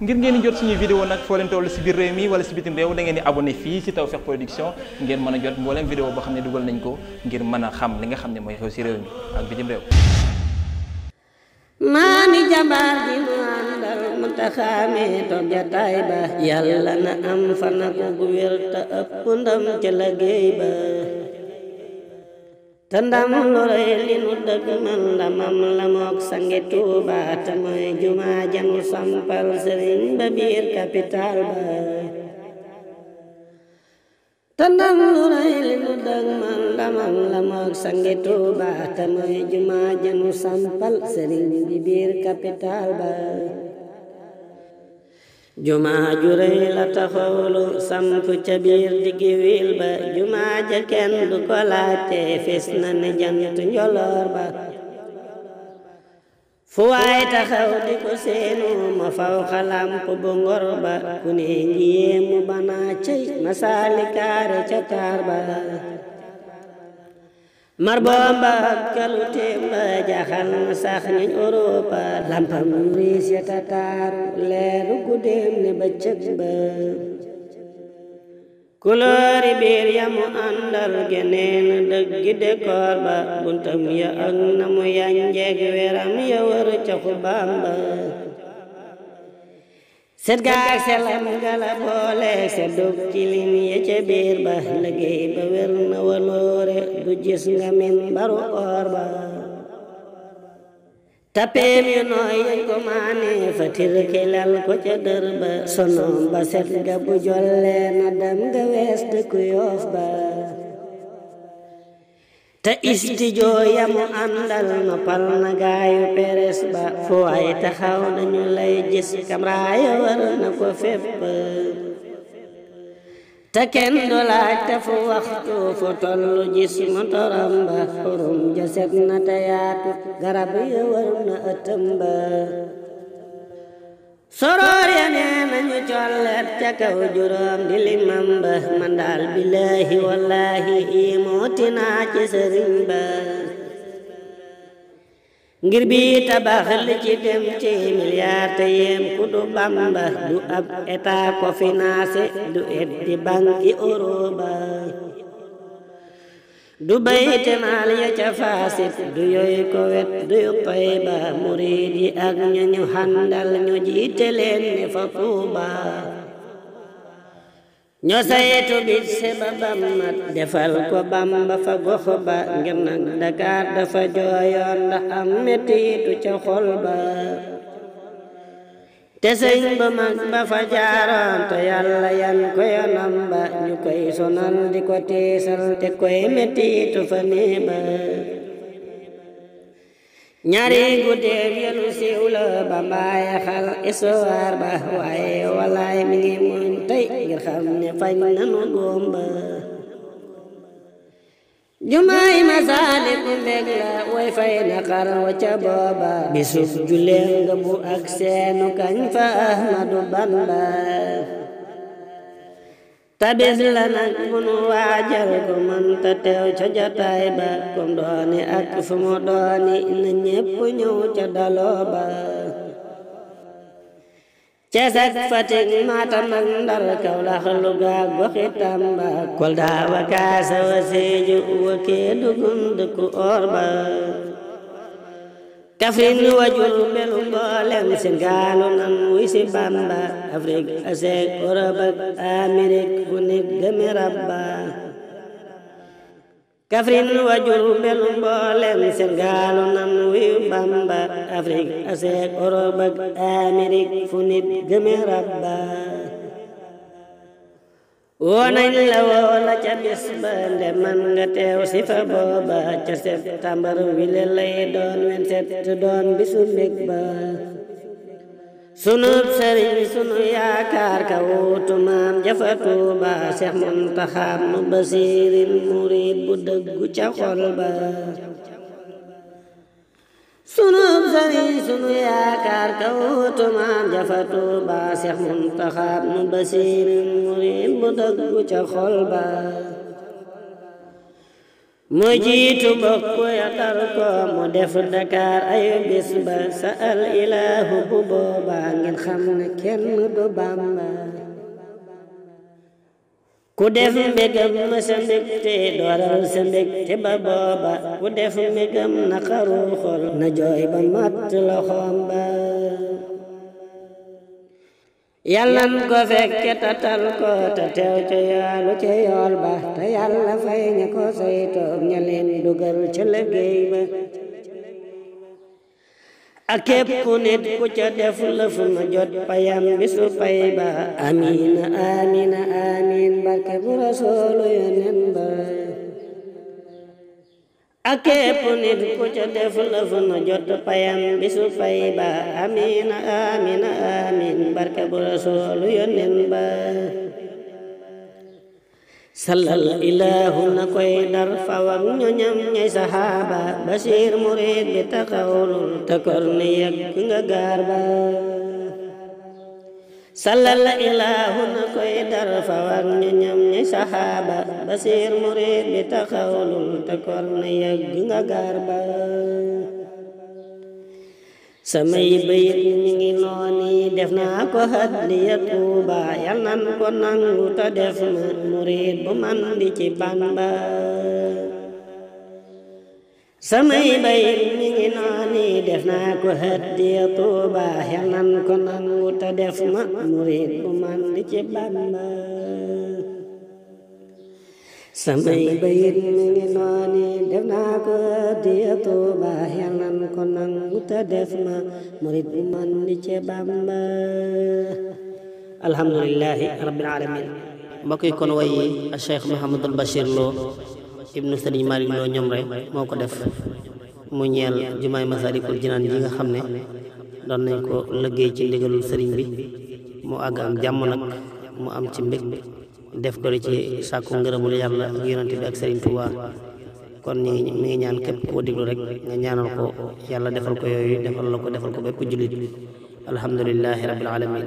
ngir ngeen di jot suñuy vidéo nag foo leen toll si biir réew mi wala si bitim réew da ngeen di abonné fii si Tawfekh Production ngeen mën a jot mbooleem vidéo boo xam ne dugal nañ ko ngir mën a xam li nga xam ne mooy xew si réew mi ak bitim réew maami jabar di mu àndal mu taxaamee toog ba yàlla na am fana ko gu wér te ëpp ndam ci liggéey ba te ndam lu rëy li nu dëgg man la la mook sangi Tuuba te mooy jumaa janu sampal sëriñ ba biir capital ba jumaa ju taxawlu samp ca biir diggi wiil ba jumaa ja kenn du ko laate na ne jant njoloor ba fu waay taxaw ko seenu ma faw xalamp bu ngor ba ku ne njiyeemu banaa cay masaali kaare ba mar bomba kalu teem ba jaxan sax ñañ Europa lampam riis ya tataaru leeru guddeem ne bëccëg ba kuloori biir ya mu àndal geneen dëggi dékoor ba buntam ya ak na mu yanjeeg weram ya wër ca xubaam ba set gaag selam ga la boole set dug tilim ye ca biir ba liggéey ba wér na wanoore du gis nga min baru koor ba tapeem yu nooy yañ ko maane fatir kelal ko ca dër ba sonoom ba set ga bu jolle na dem ga wees dëkku yoof ba te istijoo yamu àndal noppal na gaayu peres ba foo ay taxaw nañu lay gis kamraaya war na ko fépp te kenn du te fu waxtu fu tollu gis motoram ba xurum ja na te garab ya war na ëttëm ba soroor ya nee nañu collet ca kaw juróom di limam ba man billaahi wallaahi ii mootina ci sëriñ ba ngir bi tabax li ci dem ci milliard te yem du bamba du ab état ko financé du et di banque Europe du bayti maal ya ca faasit du yooy ko wet du yu ba muriid yi ak ñu ñu xandal ñu jiite leen ne fa Tuuba ñu saytu seba bammat defal ko Bamba fa gox ba ngir nag Dakar dafa jooyoon ndax am mettiitu ca xol ba te sëriñ mag ba fa jaaroon te yan ko ba ñu koy sonal di ko tiisal te koy mettitu fa nii ba ñaari guddeef yelu siiw la ba mbaaye xal histoire ba waaye walaay mi ngi muñ xam ne fañ nanu góom ba jumaay Masaalikul mbég la way fay naqar wa ca booba bisub julee nga bu ak seenu kañ fa Ahmadu Bamba tabis la nag bunu waajal ko man ta teew ca jotaay ba kom dooni ak fu mu dooni na ñépp ñëw ca daloo ba Cees ak Fatick Matam ak Ndar Kawlax Luga goxi Tamba Kolda wa Kaasa wa Sédhiou wa dëkku or ba Kaffrine wa Jurbel mboolem seen gaalu nan wuy si Bamba Afrique Asie Europe ak Amérique fu Rabba Kaffrine wa Diourbel mboolem seen gaalu nan wiyu Bamba Afrique Aseeg Europe ak fu nit gëme Rabba woo nañ la woo la ca bis ba nde man nga teew si fa booba ca septembre wile lay doon wen set doon bisu mbég ba sunub sëriñ sunu yaakaar ka wuutu maam jafa tuuba seex murid bu dëggu ca xol mu jiitu bokk ya ko mu def Dakar ayu ba sa ilaahu bu booba ngeen xam ne kenn du Bàmba ku def mbégam ma sa mbégte dooral sa mbégte ba booba ku def mbégam na xaru na jooy ba matt loxoom ba yàllan ko fekke tatal ko te teew ci yaalu ci yool ba te yàlla fay ña ko saytoom ña leen dugal ci liggéey ba ak képp nit ku ca def lëf nu jot payam bisu pay ba amiin amiin amiin barke bu rasoolu yonen ba akeep nit ku ca def lëf nu jot payam bisu pay ba amina amina amin barke bu rasuulu yónnen ba salal ilahu koy dar fawak ñoñam ñay saxaaba basiir murid bi taxawlul takor ni nga gaar ba sallal ilaahu na koy dar fa war ñu ñam ñi saxaaba basiir murid bi taxawlul te kor yëgg nga gaar ba samay bayit mi ngi nooni def naa ko haddiya Tuuba yal nan ko nangu te def ma murid bu man di ci Bamba samay bayit mi ngi def naa ko hëddiya tuuba xel def naa ko hëddiya tuuba xel nan ko nangu te ma murit bu man di ci alhamdulillahi rabbil alamin mbokk yi kon wayi Cheikh Mouhamadul Bachir Lo ibnu sëriñ Malick Lo ñoom rek moo ko def mu ñeel jumaay Masaalikul Jinaan ji nga xam ne doon nañ ko liggéey ci ndigalul sëriñ bi mu àgg am jàmm nag mu am ci mbég def doli ci sàkku ngërëmul yàlla ak yonante bi ak sëriñ Touba kon ñu ngi mi ngi ñaan képp koo déglu rek nga ñaanal ko yàlla defal ko yooyu defal la ko defal ko bépp jullit alhamdulilahi rabbil alamin